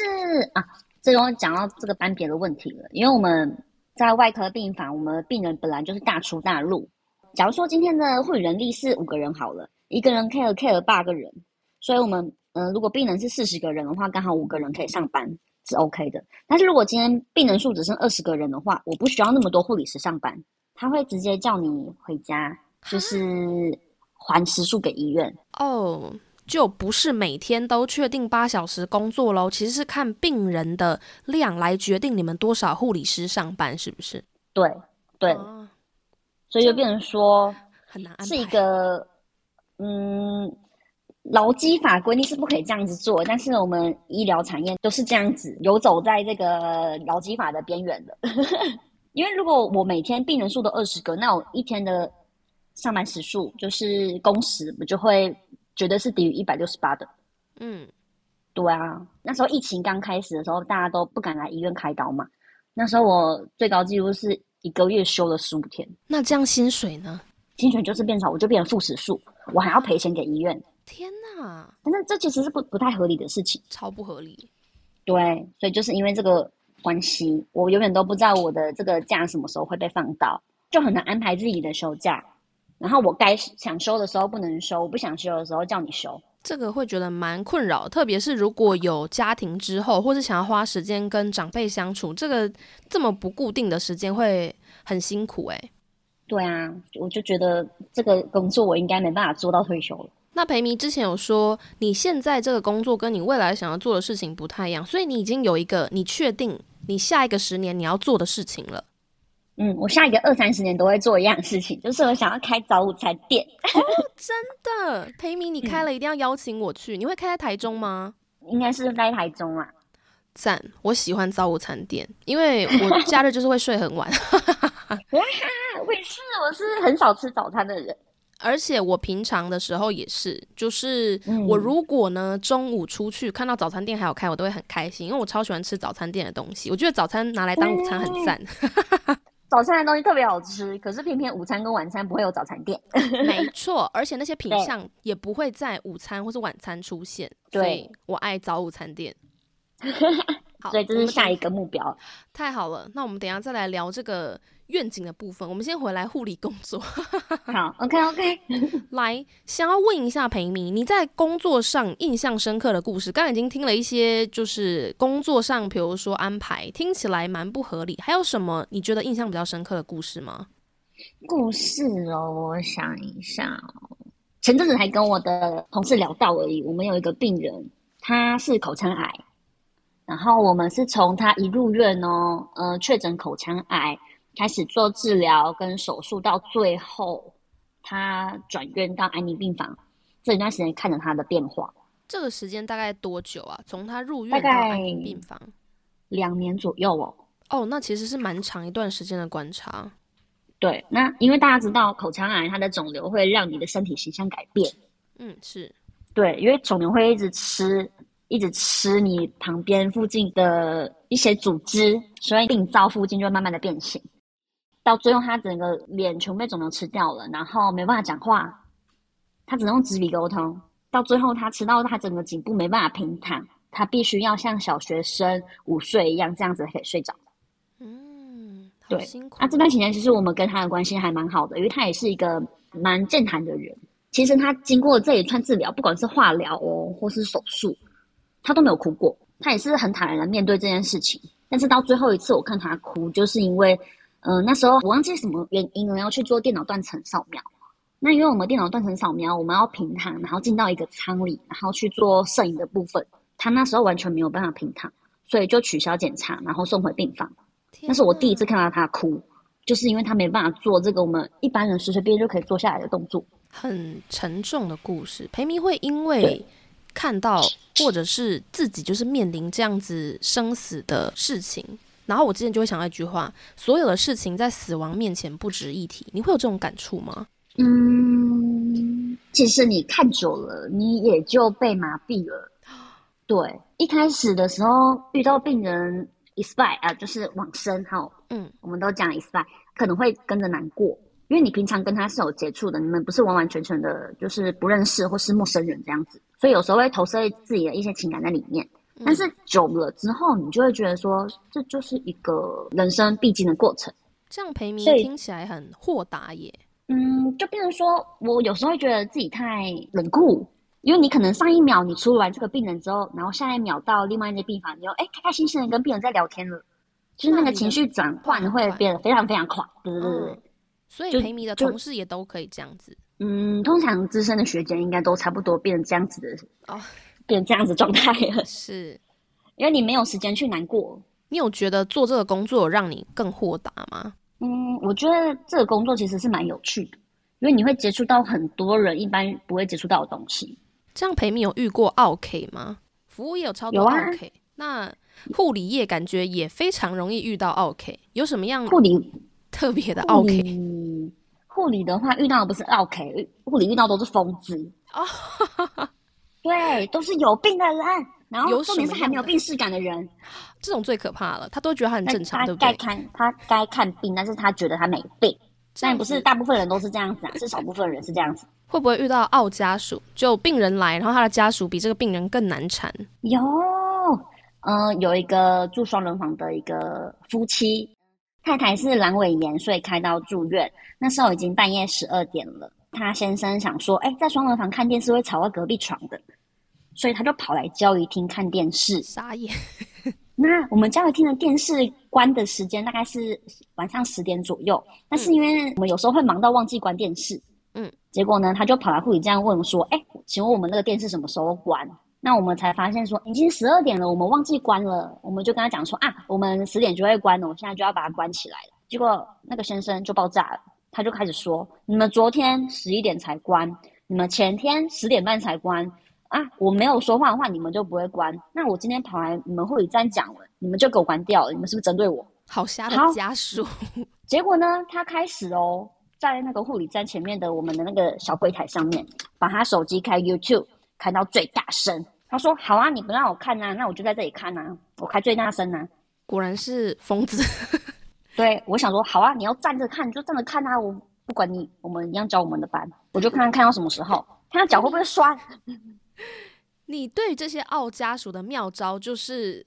啊。最後講到這個班別的問題了，因為我們在外科病房，我們病人本來就是大出大入。假如說今天的護理人力是五個人好了，一個人 care care 八個人，所以我們嗯、呃，如果病人是四十個人的話，剛好五個人可以上班是 OK 的。但是如果今天病人數只剩二十個人的話，我不需要那麼多護理師上班，他會直接叫你回家，就是還時數給醫院哦。就不是每天都確定八小時工作嘍，其實是看病人的量來決定你們多少護理師上班，是不是？對，對，啊、所以就變成說很難，是一個嗯，勞基法規定是不可以這樣子做，但是我們醫療產業都是這樣子游走在這個勞基法的邊緣的。 因為如果我每天病人數都二十個，那我一天的上班時數就是工時，我就會。絕對是低於一百六十八的，嗯，對啊，那時候疫情剛開始的時候，大家都不敢來醫院開刀嘛。那時候我最高記錄是一個月休了十五天。那這樣薪水呢？薪水就是變少，我就變成負時數，我還要賠錢給醫院。天吶！反正這其實是不不太合理的事情，超不合理。對，所以就是因為這個關係，我永遠都不知道我的這個假什麼時候會被放到，就很難安排自己的休假。然後我該想休的時候不能休，我不想休的時候叫你休，這個會覺得蠻困擾，特別是如果有家庭之後，或是想要花時間跟長輩相處，這個這麼不固定的時間會很辛苦哎、欸。對啊，我就覺得這個工作我應該沒辦法做到退休了。那培迷之前有說，你現在這個工作跟你未來想要做的事情不太一樣，所以你已經有一個你確定你下一個十年你要做的事情了。嗯，我下一個二三十年都會做一樣的事情，就是我想要開早午餐店。 哦、真的，裴明，你開了一定要邀請我去。嗯、你會開在台中嗎？應該是在台中啊。讚，我喜歡早午餐店，因為我假日就是會睡很晚。 我也是，我是很少吃早餐的人，而且我平常的時候也是，就是我如果呢中午出去看到早餐店還有開，我都會很開心，因為我超喜歡吃早餐店的東西。我覺得早餐拿來當午餐很讚。嗯 早餐的東西特別好吃，可是偏偏午餐跟晚餐不會有早餐店。 沒錯，而且那些品項也不會在午餐或是晚餐出現。對，所以我愛早午餐店。 好，所以這是下一個目標。嗯，太好了，那我們等一下再來聊這個。願景的部分，我們先回來護理工作。 好，OK OK。 來，想要問一下裴米，你在工作上印象深刻的故事？剛才已經聽了一些，就是工作上，比如說安排，聽起來蠻不合理。還有什麼你覺得印象比較深刻的故事嗎？故事哦，我想一下。前陣子還跟我的同事聊到而已。我們有一個病人，他是口腔癌，然後我們是從他一入院哦，呃，確診口腔癌。開始做治療跟手術，到最後他轉院到安寧病房這一段時間，看着他的變化。這個時間大概多久啊？從他入院到安寧病房，兩年左右哦。哦，那其實是蠻長一段時間的觀察。對，那因為大家知道口腔癌，它的腫瘤會讓你的身體形象改變。嗯，是。對，因為腫瘤會一直吃，一直吃你旁邊附近的一些組織，所以病灶附近就會慢慢的變形。到最後，他整個臉全被腫瘤吃掉了，然後沒辦法講話，他只能用紙筆溝通。到最後，他吃到他整個頸部沒辦法平躺，他必須要像小學生午睡一樣，這樣子可以睡着。嗯，辛苦，對。那這段期間其實我們跟他的關係還蠻好的，因為他也是一個蠻健談的人。其實他經過這一串治療，不管是化療哦，或是手術，他都沒有哭過，他也是很坦然的面對這件事情。但是到最後一次，我看他哭，就是因為。嗯、呃，那時候我忘記是什麼原因了，要去做電腦斷層掃描。那因為我們電腦斷層掃描，我們要平躺，然後進到一個艙裡，然後去做攝影的部分。他那時候完全沒有辦法平躺，所以就取消檢查，然後送回病房。啊、那是我第一次看到他哭，就是因為他沒辦法做這個我們一般人隨隨便便就可以做下來的動作。很沉重的故事，裴銘會因為看到或者是自己就是面臨這樣子生死的事情。然後我之前就會想到一句話：所有的事情在死亡面前不值一提。你會有這種感觸嗎？嗯，其實你看久了，你也就被麻痹了。對，一開始的時候遇到病人 expire 啊，就是往生，好，哦，嗯，我們都講 expire，可能會跟着難過，因為你平常跟他是有接觸的，你們不是完完全全的，就是不認識或是陌生人這樣子，所以有時候會投射自己的一些情感在裡面。但是久了之後，你就會覺得說，這就是一個人生必經的過程。這樣陪米聽起來很豁達耶。嗯，就變成說我有時候會覺得自己太冷酷，因為你可能上一秒你處理完這個病人之後，然後下一秒到另外一個病房，你就哎開開心心的跟病人在聊天了，就是那個情緒轉換會變得非常非常快，對不對？嗯、所以陪米的同事也都可以這樣子？嗯，通常資深的學姐應該都差不多變成這樣子的哦，變這樣子狀態了，是因為你沒有時間去難過。你有覺得做這個工作讓你更豁達嗎？嗯，我覺得這個工作其實是蠻有趣的，因為你會接觸到很多人一般不會接觸到的東西。這樣陪你有遇過奧客嗎？服務業有超多奧客、啊、那護理業感覺也非常容易遇到奧客。有什麼樣護理特別的奧客？護理的話遇到的不是奧客，護理遇到的都是瘋子。哦 對，都是有病的人，然後有的時候你是還沒有病識感的人的，這種最可怕了。他都覺得他很正常，他，他該看對不對？他該看病，但是他覺得他沒病。但不是大部分人都是這樣子啊，是少部分人是這樣子。會不會遇到奧家屬？就病人來，然後他的家屬比這個病人更難纏？有，嗯、呃，有一個住雙人房的一個夫妻，太太是闌尾炎，所以開刀住院。那時候已經半夜十二點了。他先生想說：“哎、欸，在雙人房看電視會吵到隔壁床的，所以他就跑來交誼廳看電視。”傻眼。 那我們交誼廳的電視關的時間大概是晚上十點左右，那、嗯、是因為我們有時候會忙到忘記關電視。嗯。結果呢，他就跑來護理站這樣問我說：“哎、欸，請問我們那個電視什麼時候關？”那我們才發現說已經十二點了，我們忘記關了。我們就跟他講說：“啊，我們十點就會關了，我現在就要把它關起來了。”結果那個先生就爆炸了。他就開始說：“你們昨天十一點才關，你們前天十點半才關啊！我沒有說話的話，你們就不會關。那我今天跑來你們護理站講了，你們就給我關掉了。你們是不是針對我？”好瞎的家屬。結果呢，他開始哦，在那個護理站前面的我們的那個小櫃檯上面，把他手機開 YouTube 開到最大聲。他說：“好啊，你不讓我看啊，那我就在這裡看啊，我開最大聲啊。”果然是瘋子。對，我想說好啊，你要站着看，你就站着看他、啊。我不管你，我們一樣交我們的班，我就看看看到什麼時候， 看他腳會不會酸。 你對這些奧家屬的妙招就是，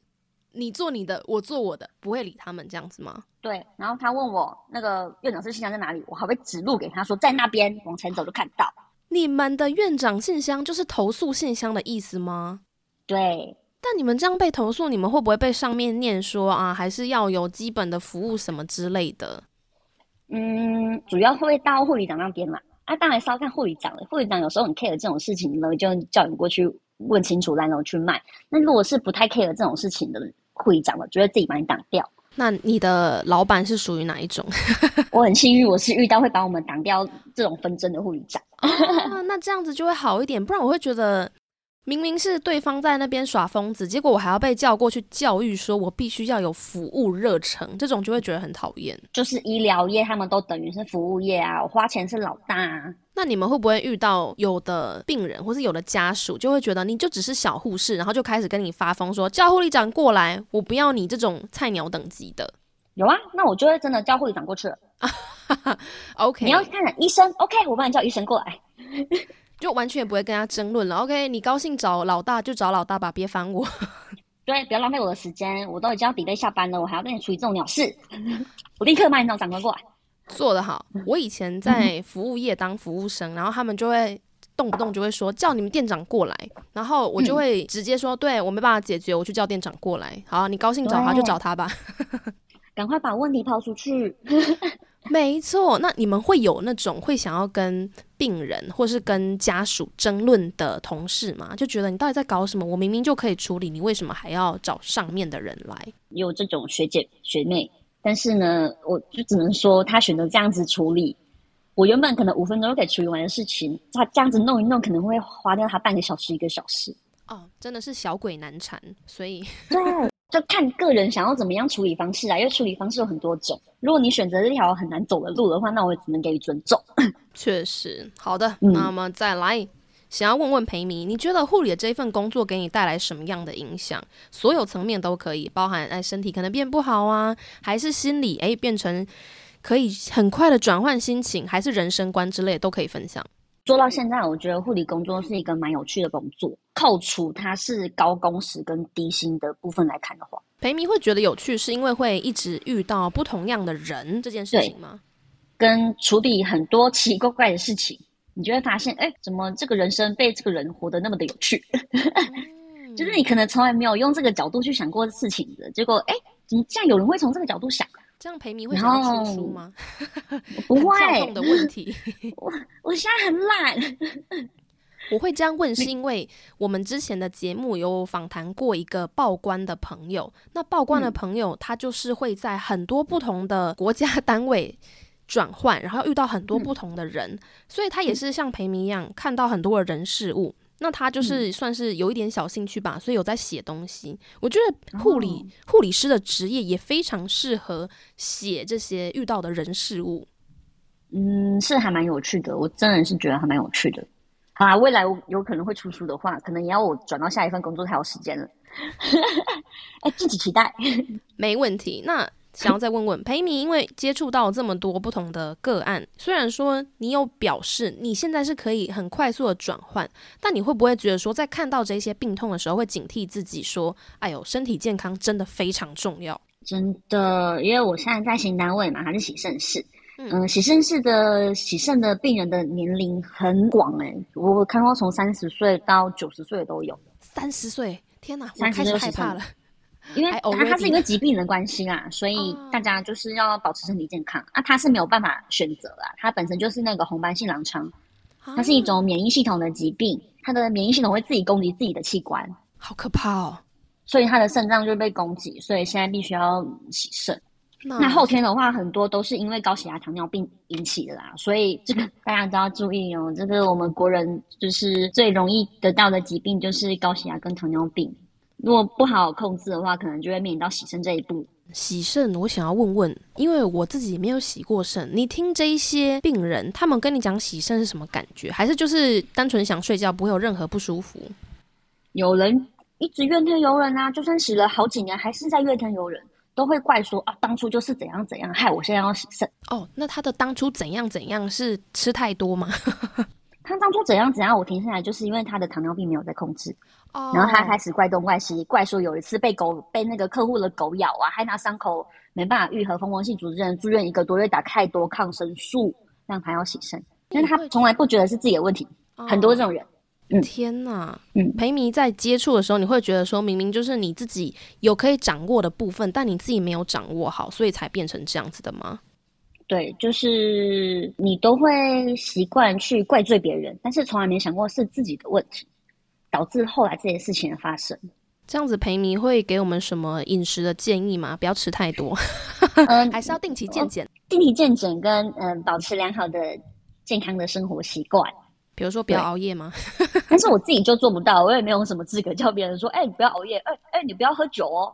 你做你的，我做我的，不會理他們這樣子嗎？對，然後他問我那個院長是信箱在哪裡，我還會指路給他說，說在那邊往前走就看到。你們的院長信箱就是投訴信箱的意思嗎？對。但你們這樣被投訴，你們會不會被上面念說啊？還是要有基本的服務什麼之類的？嗯，主要會到護理長那邊嘛。啊，當然，是要看護理長了。護理長有時候很 care 這種事情呢，就叫你們過去問清楚，然後去賣。那如果是不太 care 這種事情的護理長了，就會自己把你擋掉。那你的老闆是屬於哪一種？ 我很幸運，我是遇到會把我們擋掉這種紛爭的護理長。那、 啊、那這樣子就會好一點，不然我會覺得。明明是對方在那邊耍瘋子，結果我還要被叫過去教育，說我必須要有服務熱忱，這種就會覺得很討厭。就是醫療業，他們都等於是服務業啊，我花錢是老大啊。那你們會不會遇到有的病人或是有的家屬，就會覺得你就只是小護士，然後就開始跟你發瘋，說叫護理長過來，我不要你這種菜鳥等級的。有啊，那我就會真的叫護理長過去了。 OK，你要看醫生，OK，我幫你叫醫生過來。 就完全也不會跟他爭論了。OK，你高興找老大就找老大吧，別煩我。對，不要浪費我的時間。我都已經要準備下班了，我還要跟你處理這種鳥事。 我立刻馬上、長官過來。做得好。我以前在服務業當服務生，嗯、然後他們就會動不動就會說、嗯、叫你們店長過來，然後我就會直接說，嗯、對我沒辦法解決，我去叫店長過來。好，你高興找他就找他吧。趕 快把問題拋出去。 沒錯，那你們會有那種會想要跟病人或是跟家屬爭論的同事嗎？就覺得你到底在搞什麼？我明明就可以處理，你為什麼還要找上面的人來？有這種學姐學妹，但是呢，我就只能說他選擇這樣子處理。我原本可能五分鐘就可以處理完的事情，他這樣子弄一弄，可能會花掉他半個小時一個小時。哦，真的是小鬼難纏，所以對。 就看個人想要怎麼樣處理方式啊，因為處理方式有很多種。如果你選擇這條很難走的路的話，那我也只能給你尊重。確實，好的。嗯，那麼再來，想要問問裴米，你覺得護理的這份工作給你帶來什麼樣的影響？所有層面都可以，包含哎身體可能變不好啊，還是心理哎變成可以很快的轉換心情，還是人生觀之類都可以分享。做到現在，我覺得護理工作是一個蠻有趣的工作。扣除它是高工時跟低薪的部分來看的話，培米會覺得有趣，是因為會一直遇到不同樣的人這件事情嗎？跟處理很多奇奇怪怪的事情，你就會發現，哎，怎麼這個人生被這個人活得那麼的有趣？ 就是你可能從來沒有用這個角度去想過事情的結果，哎，怎麼竟然有人會從這個角度想？這樣裴民會很輕鬆嗎？不會。很跳動的問題。 我我現在很懶。我會這樣問，是因為我們之前的節目有訪談過一個報關的朋友。那報關的朋友，他就是會在很多不同的國家單位轉換，嗯、然後遇到很多不同的人，嗯、所以他也是像裴民一樣，看到很多的人事物。那他就是算是有一點小興趣吧，嗯、所以有在寫東西。我覺得護理、嗯、護理師的職業也非常適合寫這些遇到的人事物。嗯，是還蠻有趣的，我真的是覺得還蠻有趣的。好啊，未來有可能會出書的話，可能也要我轉到下一份工作才有時間了。哎、 欸，敬請期待，沒問題。那。 想要再問問裴米，因為接觸到這麼多不同的個案，雖然說你有表示你現在是可以很快速的轉換，但你會不會覺得說，在看到這些病痛的時候，會警惕自己說：“哎呦，身體健康真的非常重要。”真的，因為我現在在新單位嘛，還是洗腎室。嗯，嗯洗腎室的洗腎的病人的年齡很廣、欸，誒，我看到從三十歲到九十歲都有。三十歲，天哪，我開始害怕了。因為它它是一個疾病的關係啦，所以大家就是要保持身體健康。啊，它是沒有辦法選擇啦，它本身就是那個紅斑性狼瘡，它是一種免疫系統的疾病，它的免疫系統會自己攻擊自己的器官，好可怕哦！所以它的腎臟就會被攻擊，所以現在必須要洗腎。那後天的話，很多都是因為高血壓、糖尿病引起的啦，所以這個大家都要注意哦。這個我們國人就是最容易得到的疾病就是高血壓跟糖尿病。如果不好控制的話，可能就會面臨到洗腎這一步。洗腎，我想要問問，因為我自己沒有洗過腎，你聽這一些病人，他們跟你講洗腎是什麼感覺，還是就是單純想睡覺，不會有任何不舒服？有人一直怨天尤人啊，就算洗了好幾年，還是在怨天尤人，都會怪說啊，當初就是怎樣怎樣，害我現在要洗腎。哦，那他的當初怎樣怎樣是吃太多嗎？ 他當初怎樣怎樣，我停下來就是因為他的糖尿病沒有在控制，oh. 然後他開始怪東怪西，怪說有一次被狗被那個客戶的狗咬啊，害他傷口沒辦法愈合風風，蜂窩性組織炎住院一個多月，打太多抗生素，讓他要洗腎。但是他從來不覺得是自己的問題，oh. 很多這種人，嗯。天哪，嗯，陪迷在接觸的時候，你會覺得說明明就是你自己有可以掌握的部分，但你自己沒有掌握好，所以才變成這樣子的嗎？對，就是你都會習慣去怪罪別人，但是從來沒想過是自己的問題導致後來這些事情的發生。這樣子。陪，你會給我們什麼飲食的建議嗎？不要吃太多。 嗯，還是要定期健檢，定期健檢跟嗯、呃，保持良好的健康的生活習慣。比如說，不要熬夜嗎？ 但是我自己就做不到，我也沒有什麼資格叫別人說，哎、欸，你不要熬夜，哎、欸、哎、欸，你不要喝酒哦。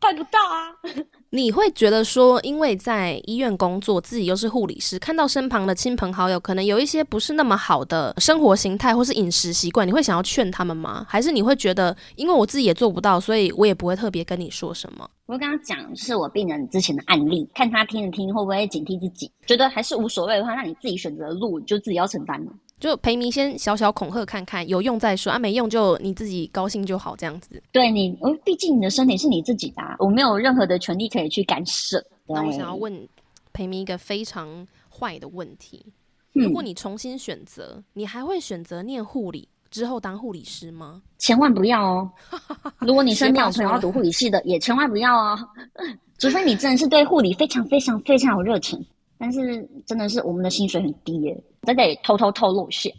辦 不到啊！ 你會覺得說，因為在醫院工作，自己又是護理師，看到身旁的親朋好友，可能有一些不是那麼好的生活形態或是飲食習慣，你會想要勸他們嗎？還是你會覺得，因為我自己也做不到，所以我也不會特別跟你說什麼？我剛剛講的是我病人之前的案例，看他聽了聽，會不會警惕自己？覺得還是無所謂的話，那你自己選擇的路，你就自己要承擔。就陪明先小小恐嚇看看，有用再說啊，沒用就你自己高興就好，這樣子。對你，因、嗯、為畢竟你的身體是你自己的、啊，我沒有任何的權利可以去干涉。那我想要問陪明一個非常壞的問題、嗯：，如果你重新選擇，你還會選擇念護理之後當護理師嗎？千萬不要哦！ 如果你身邊有朋友要讀護理系的，也千萬不要哦。除 非你真的是對護理非常非常非常有熱情。但是真的是我們的薪水很低耶，那得偷偷透露一下。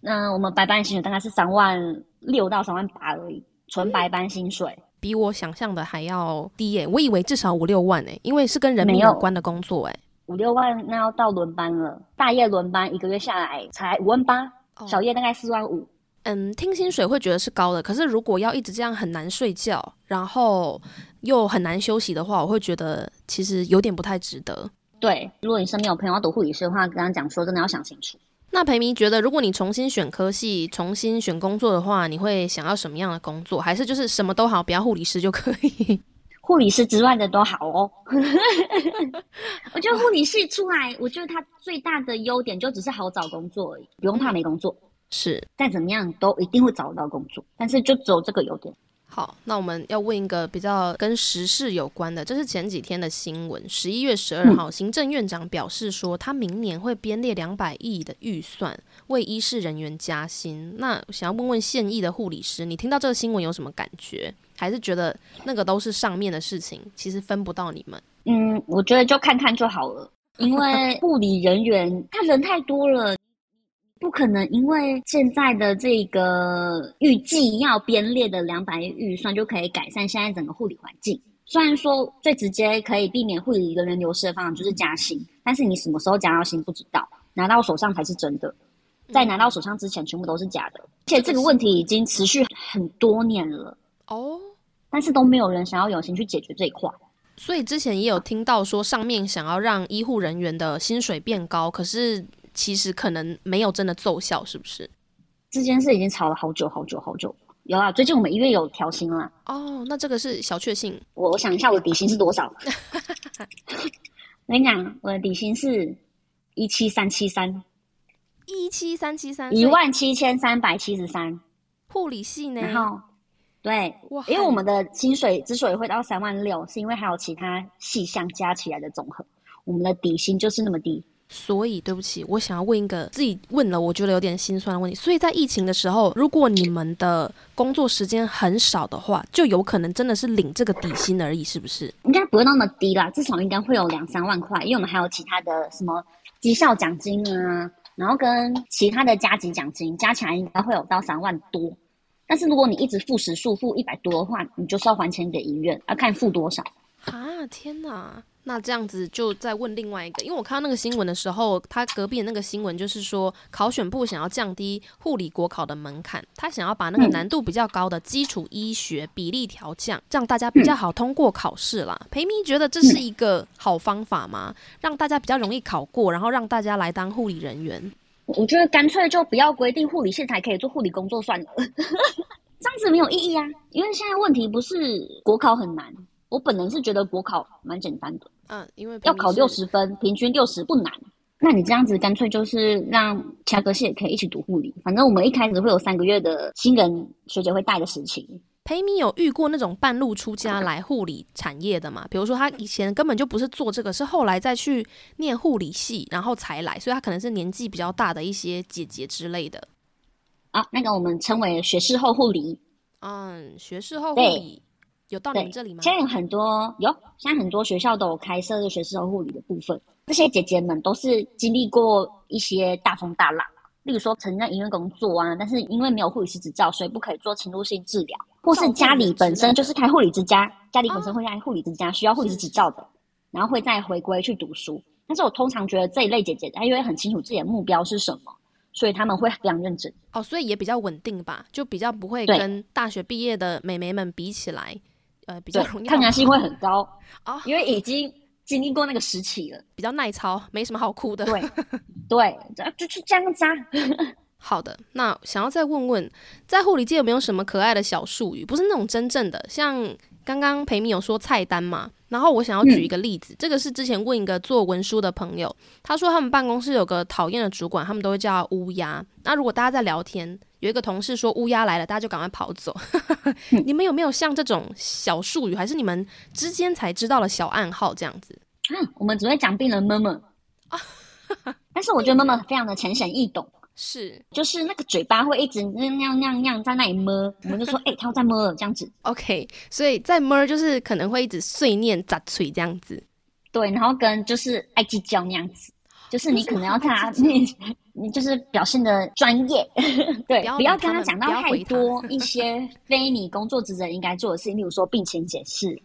那我們白班薪水大概是三萬六到三萬八而已，純白班薪水。比我想象的還要低耶，我以為至少五六萬耶，因為是跟人民有關的工作耶。五六萬那要到輪班了，大夜輪班一個月下來才五萬八，小夜大概四萬五。嗯，聽薪水會覺得是高的，可是如果要一直這樣很難睡覺，然後又很難休息的話，我會覺得其實有點不太值得。對，如果你身邊有朋友要讀護理師的話，跟他講說真的要想清楚。那裴明覺得，如果你重新選科系，重新選工作的話，你會想要什麼樣的工作？還是就是什麼都好，不要護理師就可以？ 護理師之外的都好哦。 我覺得護理師出來，我覺得他最大的優點就只是好找工作而已，不用怕沒工作。是，再怎麼樣都一定會找得到工作，但是就只有這個優點。好，那我們要問一個比較跟時事有關的，這是前幾天的新聞，十一月十二號，嗯，行政院長表示說，他明年會編列兩百億的預算為醫事人員加薪。那想要問問現役的護理師，你聽到這個新聞有什麼感覺？還是覺得那個都是上面的事情，其實分不到你們？嗯，我覺得就看看就好了，因為護理人員他人太多了。不可能，因為現在的這個預計要編列的兩百億預算就可以改善現在整個護理環境。雖然說最直接可以避免護理一個人流失的方法就是加薪，但是你什麼時候加到薪不知道，拿到手上才是真的。在拿到手上之前，全部都是假的，嗯。而且這個問題已經持續很多年了，這個，哦，但是都沒有人想要有心去解決這一塊。所以之前也有聽到說，上面想要讓醫護人員的薪水變高，可是。其實可能沒有真的奏效，是不是？這件事已經吵了好久好久好久。有啊，最近我們醫院有調薪了。哦、oh,，那這個是小確幸。我我想一下，我的底薪是多少？我 跟你講，我的底薪是一七三七三，一七三七三，一萬七千三百七十三。護理系呢？然後對哇，因為我們的薪水之所以會到三萬六，是因為還有其他細項加起來的總和。我們的底薪就是那麼低。所以，對不起，我想要問一個自己問了我覺得有點心酸的問題。所以在疫情的時候，如果你們的工作時間很少的話，就有可能真的是領這個底薪而已，是不是？應該不會那麼低啦，至少應該會有兩三萬塊，因為我們還有其他的什麼績效獎金啊，然後跟其他的加急獎金加起來應該會有到三萬多。但是如果你一直負時數，負一百多的話，你就是要還錢給醫院，要看負多少。啊，天哪！那這樣子就再問另外一個，因為我看到那個新聞的時候，他隔壁的那個新聞就是說，考選部想要降低護理國考的門檻，他想要把那個難度比較高的基礎醫學比例調降，讓大家比較好通過考試啦。培咪覺得這是一個好方法嗎？讓大家比較容易考過，然後讓大家來當護理人員。我覺得乾脆就不要規定護理系才可以做護理工作算了， 這樣子沒有意義啊。因為現在問題不是國考很難。我本人是覺得國考蠻簡單的，嗯、啊，因為要考六十分，平均六十不難。那你這樣子乾脆就是讓其他科系也可以一起讀護理，反正我們一開始會有三個月的新人學姐會帶的事情。培米有遇過那種半路出家來護理產業的嗎、嗯？比如說他以前根本就不是做這個，是後來再去念護理系，然後才來，所以他可能是年紀比較大的一些姐姐之類的。啊，那個我們稱為學士後護理。嗯，學士後護理。有到你們這裡嗎？現在有很多有，現在很多學校都有開設的學士後護理的部分。這些姐姐們都是經歷過一些大風大浪，例如說曾在醫院工作啊，但是因為沒有護理師執照，所以不可以做侵入性治療，或是家裡本身就是開護理之家，家裡本身會在護理之家，啊、需要護理師執照的，然後會再回歸去讀書。但是我通常覺得這一類姐姐，她因為很清楚自己的目標是什麼，所以他們會非常認真哦，所以也比較穩定吧，就比較不會跟大學畢業的妹妹們比起來。呃，比較抗壓性會很高啊、哦，因為已經經歷過那個時期了，比較耐操，沒什麼好哭的。對，對，就就這樣子、啊。 好的，那想要再問問，在護理界有沒有什麼可愛的小術語？不是那種真正的，像剛剛裴米有說菜單嘛？然後我想要舉一個例子、嗯，這個是之前問一個做文書的朋友，他說他們辦公室有個討厭的主管，他們都會叫他烏鴉。那如果大家在聊天。有一個同事說烏鴉來了，大家就趕快跑走。 你們有沒有像這種小術語，還是你們之間才知道的小暗號這樣子？嗯，我們只會講病人 murmur 啊， 但是我覺得 murmur 非常的淺顯易懂。是，就是那個嘴巴會一直那樣那樣那樣在那裡 murmur， 我們就說哎，他、欸、在 murmur 這樣子。OK，所以在 murmur 就是可能會一直碎念砸嘴這樣子。對，然後跟就是愛計較那樣子，就是你可能要看他那。 你就是表現的專業，嗯、 對，不要跟他講到太多一些非你工作職責應該做的事情， 例如說病情解釋。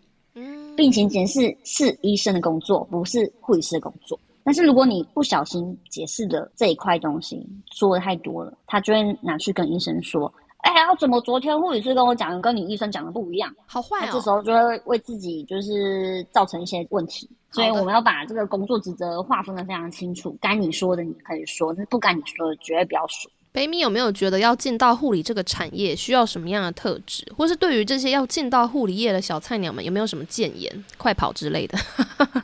病情解釋是醫生的工作，不是護理師的工作。但是如果你不小心解釋的這一塊東西，說的太多了，他就會拿去跟醫生說。哎、欸，還要怎麼昨天護理師跟我講，跟你醫生講的不一樣？好壞哦！這時候就會為自己就是造成一些問題，所以我們要把這個工作職責劃分的非常清楚。該你說的你可以說，那不該你說的絕對不要說。北米有沒有覺得要進到護理這個產業需要什麼樣的特質，或是對於這些要進到護理業的小菜鳥們有沒有什麼建言？快跑之類的。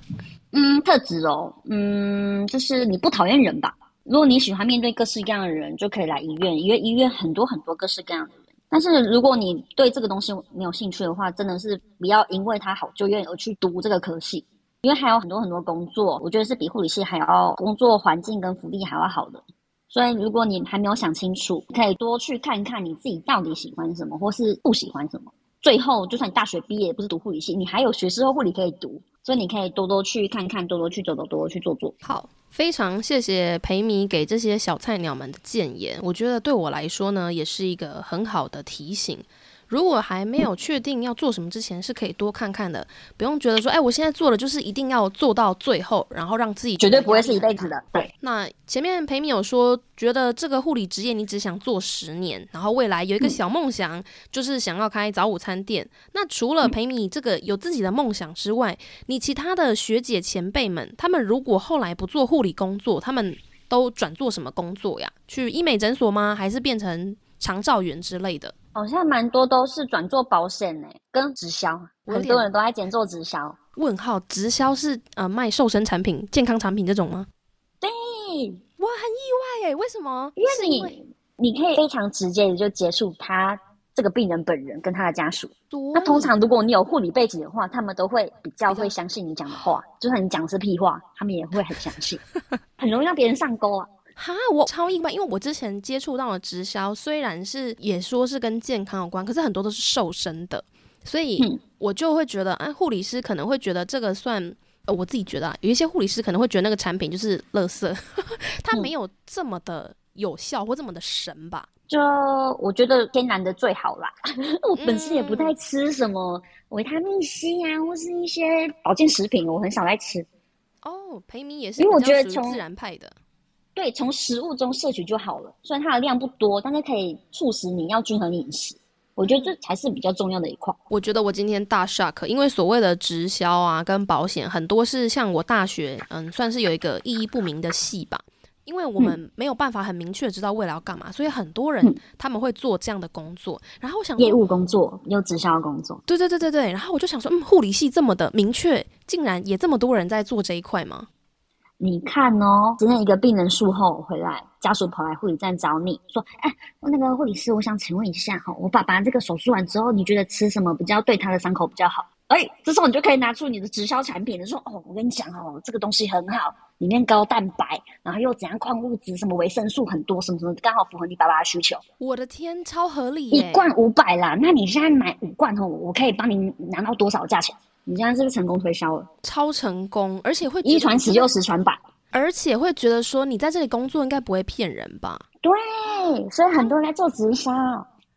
嗯，特質哦，嗯，就是你不討厭人吧。如果你喜歡面對各式各樣的人，就可以來醫院，因為醫院很多很多各式各樣的人。但是如果你對這個東西沒有興趣的話，真的是不要因為他好就願意去讀這個科系，因為還有很多很多工作，我覺得是比護理系還要工作環境跟福利還要好的。所以如果你還沒有想清楚，可以多去看看你自己到底喜歡什麼或是不喜歡什麼。最後，就算你大學畢業也不是讀護理系，你還有學士後護理可以讀，所以你可以多多去看看，多多去走走，多多去做做。好。非常謝謝裴米給這些小菜鳥們的建言，我覺得對我來說呢，也是一個很好的提醒。如果還沒有確定要做什麼之前，是可以多看看的，不用覺得說，哎，我現在做的就是一定要做到最後，然後讓自己絕對不會，對不會是一輩子的。對。那前面裴米有說，覺得這個護理職業你只想做十年，然後未來有一個小夢想，嗯、就是想要開早午餐店。那除了裴米這個有自己的夢想之外，你其他的學姐前輩們，他們如果後來不做護理工作，他們都轉做什麼工作呀？去醫美診所嗎？還是變成長照員之類的？好像蠻多都是轉做保險呢、欸，跟直銷，很多人都在兼做直銷。問號，直銷是呃賣瘦身產品、健康產品這種嗎？對，我很意外誒，為什麼？因為你因為你可以非常直接的就結束他這個病人本人跟他的家屬。那通常如果你有護理背景的話，他們都會比較會相信你講的話，就算你講的是屁話，他們也會很相信， 很容易讓別人上鈎啊。哈，我超意外，因為我之前接觸到的直銷，雖然是也說是跟健康有關，可是很多都是瘦身的，所以我就會覺得，嗯、啊，護理師可能會覺得這個算，呃、我自己覺得、啊，有一些護理師可能會覺得那個產品就是垃圾， 它沒有這麼的有效或這麼的神吧？嗯、就我覺得天然的最好啦。 我本身也不太吃什麼維他命 C 啊，或是一些保健食品，我很少在吃。哦，培明也是，因為我覺得自然派的。對，從食物中攝取就好了。雖然它的量不多，但是可以促使你要均衡飲食。我覺得這才是比較重要的一塊。我覺得我今天大 shock，因為所謂的直銷啊，跟保險很多是像我大學，嗯，算是有一個意義不明的系吧。因為我們沒有辦法很明確知道未來要幹嘛、嗯，所以很多人、嗯、他們會做這樣的工作。然後我想，業務工作有直銷工作，對對對對對。然後我就想說，嗯，護理系這麼的明確，竟然也這麼多人在做這一塊嗎？你看哦，今天一個病人術後回來，家屬跑來護理站找你說：“哎，那個護理師，我想請問一下，哈，我爸爸這個手術完之後，你覺得吃什麼比較對他的傷口比較好？”哎，這時候你就可以拿出你的直銷產品了，說：“哦，我跟你講哦，這個東西很好，裡面高蛋白，然後又怎樣礦物質、什麼維生素很多，什麼什麼，剛好符合你爸爸的需求。”我的天，超合理欸！一罐五百啦，那你現在買五罐，哈，我可以幫你拿到多少價錢？你現在是不是成功推銷了？超成功，而且會一傳十，又十傳百，而且會覺得說你在這裡工作應該不會騙人吧？對，所以很多人在做直銷。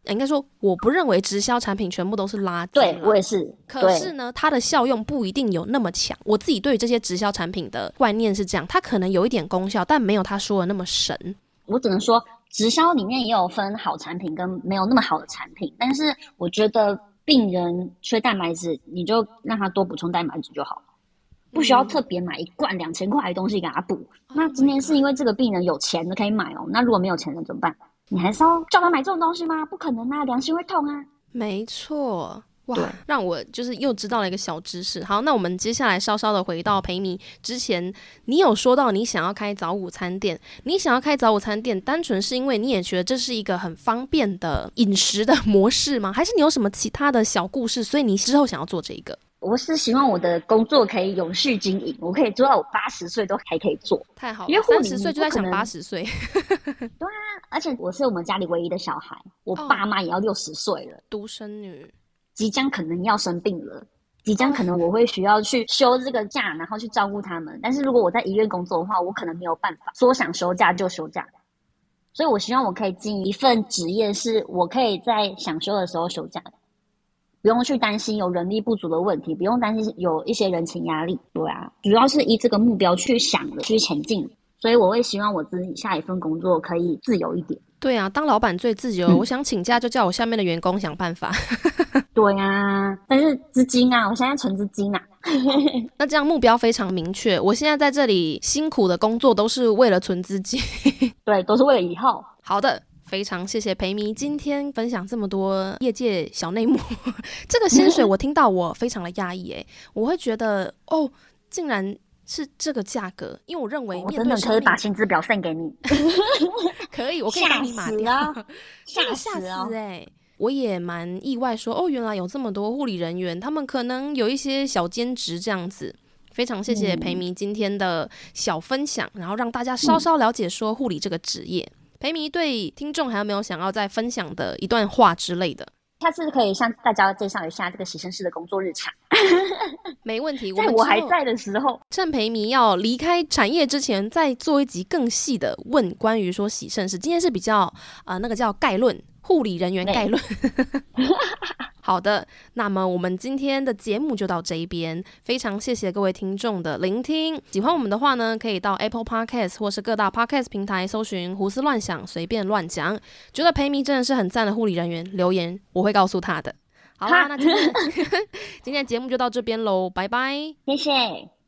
應該說，我不認為直銷產品全部都是垃圾。對我也是。可是呢，它的效用不一定有那麼強。我自己對於這些直銷產品的觀念是這樣：它可能有一點功效，但沒有他說的那麼神。我只能說，直銷裡面也有分好產品跟沒有那麼好的產品，但是我覺得。病人缺蛋白質，你就讓他多補充蛋白質就好，不需要特別買一罐兩千塊的東西給他補。那今天是因為這個病人有錢的可以買哦，那如果沒有錢了怎麼辦？你還是要叫他買這種東西嗎？不可能啊，良心會痛啊。沒錯。對，讓我就是又知道了一個小知識。好，那我們接下來稍稍的回到陪你之前，你有說到你想要開早午餐店，你想要開早午餐店，單純是因為你也覺得這是一個很方便的飲食的模式嗎？還是你有什麼其他的小故事？所以你之後想要做這一個？我是希望我的工作可以永續經營，我可以做到我八十歲都還可以做。太好了，了，因為三十歲就在想八十歲。 對啊，而且我是我們家裡唯一的小孩，我爸媽也要六十歲了，獨、哦、生女。即將可能要生病了，即將可能我會需要去休這個假，然後去照顧他們。但是如果我在醫院工作的話，我可能沒有辦法說想休假就休假。所以我希望我可以進一份職業，是我可以在想休的時候休假的，不用去擔心有人力不足的問題，不用擔心有一些人情壓力。對啊，主要是以這個目標去想的去前進，所以我會希望我自己下一份工作可以自由一點。對啊，當老板最自由，嗯，我想請假就叫我下面的員工想辦法。 對啊，但是資金啊，我現在存資金啊。 那這樣目標非常明確，我現在在這裡辛苦的工作都是為了存資金。 對，都是為了以後。好的，非常謝謝裴迷今天分享這麼多業界小內幕。 這個薪水我聽到我非常的壓抑誒，我會覺得哦，竟然。是這個價格，因為我認為我等等可以把薪資表送給你。 可以，我可以幫你馬掉。下下下，我也蠻意外說，說哦，原來有這麼多護理人員，他們可能有一些小兼職這樣子。非常謝謝培迷今天的小分享，嗯，然後讓大家稍稍了解說護理這個職業。培、嗯、迷對聽眾還有沒有想要再分享的一段話之類的？下次可以向大家介紹一下這個洗腎室的工作日常， 沒問題。在我還在的時候，鄭 培民要離開產業之前，再做一集更細的問，關於說洗腎室，今天是比較啊、呃，那個叫概論。護理人員概論。 好的，那麼我們今天的節目就到這一邊。非常謝謝各位聽眾的聆聽，喜歡我們的話呢，可以到 Apple Podcast 或是各大 Podcast 平台搜尋“胡思亂想，隨便亂講”。覺得裴迷真的是很讚的護理人員，留言我會告訴他的。好啦，那、就是、 今天今天節目就到這邊嘍，拜拜，謝謝。